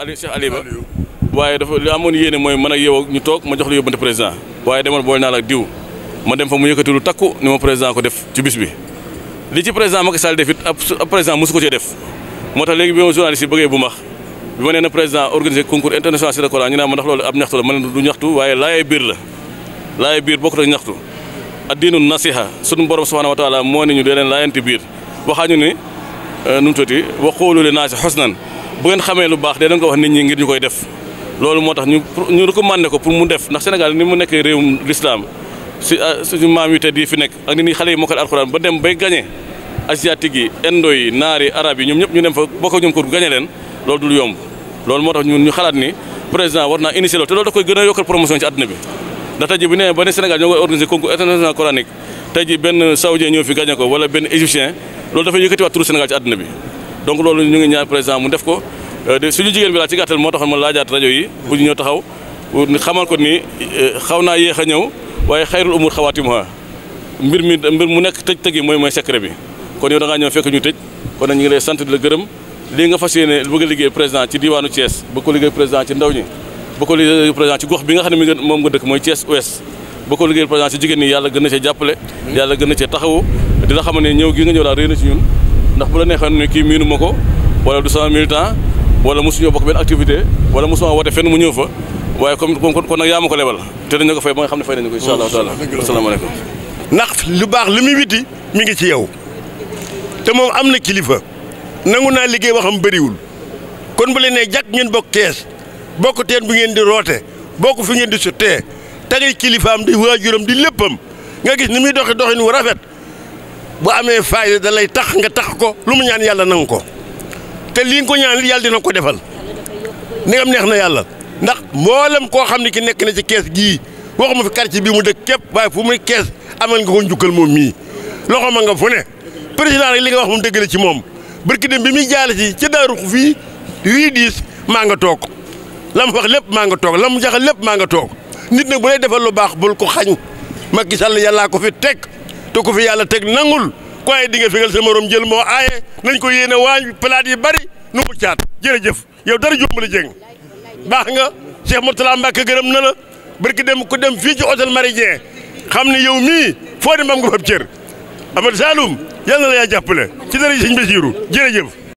Aliou Cheikh Aliou ba waaye dafa amoon yéene mooy man ak yow ñu toog ma jox la yóbbante président waaye demal boole naa la diw ma dem fa mu yëkkati takku ni ma président ko def ci bis bi li ci président Macky Sall def it ab président mosu ko cee def moo tax léegi bi ma journaliste yi bëggee bu max bi ma nee na président organisé concours international sur le Coran ñu naan ma ndax loolu ab ñaxtu la ma ne du ñaxtu waaye laayee biir la laayee biir bokkut ak ñaxtu addiinu nasiha sunu borom subhanahu wa taala moo ne ñu dee leen bu ngeen xamee lu baax de dañ ko wax nit ñi ngir ñu koy def loolu moo tax ñu ñu recommandé ko pour mu def ndax Sénégal ni mu nekkee réewum lislaam si ah, maam yu tedd yi fi nekk ak ni xale yi mokkal alxuraan ba dem bay gagné asiatique yi indo yi naar yi arab yi ñoom ñëpp ñu dem fa bokk ñoom ko gagné leen loolu dul yomb loolu moo tax ñun ñu xalaat ni président war naa initier loolu te loolu da gën a yokkal promotion ci àdduna bi ndax tey ji bu nee ba fi gagné ko wala benn égyptien loolu dafay yëkkatiwaat turu bi donc loolu ñu ngi ñaar président mu def ko euh, suñu jigéen bi laa ci gàttal moo taxoon ma laajaat rajo yi pour ñu ñëw taxaw xamal ko ni euh, xaw naa yéex a ñëw waaye xayrul umur xawaatimuha mbir mi mbir mu nekk tëj tëj yi mooy mooy secret bi kon yow da ñëw fekk ñu tëj kon ñu ngi lay sant di la gërëm lii nga fas yéene bëgg a liggéey président ci diwaanu Thiès bëgg ko liggéey président ci ndaw ñi bëgg ko gox bi nga xam ne mi moom nga dëkk mooy Thiès Ouest bëgg ko liggéey président ci jigéen ñi yàlla gën na cee jàppale hmm. yàlla gën a cee taxawu di la xam ne ñëw gi nga ñëw daal réy na ci ñun ndax bu la neexoon ne kii miinu ma ko wala du sama militant wala mosuñoo bokk benn activité wala mosuma woote fenn mu ñëw fa waaye comme kon nag ko lebal te dañu ko fay ba nga ndax lu baax li muy witti mi ngi ci yow te moom am na kilifa nangu naa liggéey waxam bëriwul kon bu leen nee jàkk ngeen bokk kees bokk teen bu ngeen di roote bokk fi ngeen di sottee tagay kilifaam di waajuram di léppam nga gis ni muy doxi doxin wu rafet bu amee faayda da lay tax nga tax ko lu mu ñaan yàlla nangu ko te lii nga ko ñaan yàlla dina ko defal ni nga neex na yàlla ndax mboolem koo xam ne ki nekk na ci kees gii waxuma fi quartier bii mu dëkk képp waaye fu muy kees amal nga ko njukkal moom mii loxo ma nga fu ne président rek li nga wax moom dëgg la ci moom barki dem bi muy jaale si ca daaru fii rii diis maa nga toog la mu wax lépp maa nga toog la mu jaxal lépp maa nga toog nit nag bu lay defal lu baax bul ko xañ Macky Sall yàllaa ko fi teg te ku fi yàlla teg nangul ku ay di nga fegal sa morom jël moo aaye nañ ko yéene waañ palaat yi bari nu mu caat jërëjëf yow dara jómbale jëng baax nga Cheikh Mourtala Mbacke gërëm na la barki dem ku dem fii ci hôtel Maridien xam ni yow mii foo dem am nga fab cër Amadou Saloum yàlla na la yaa jàppale ci dara Sëñ Basiiru jërëjëf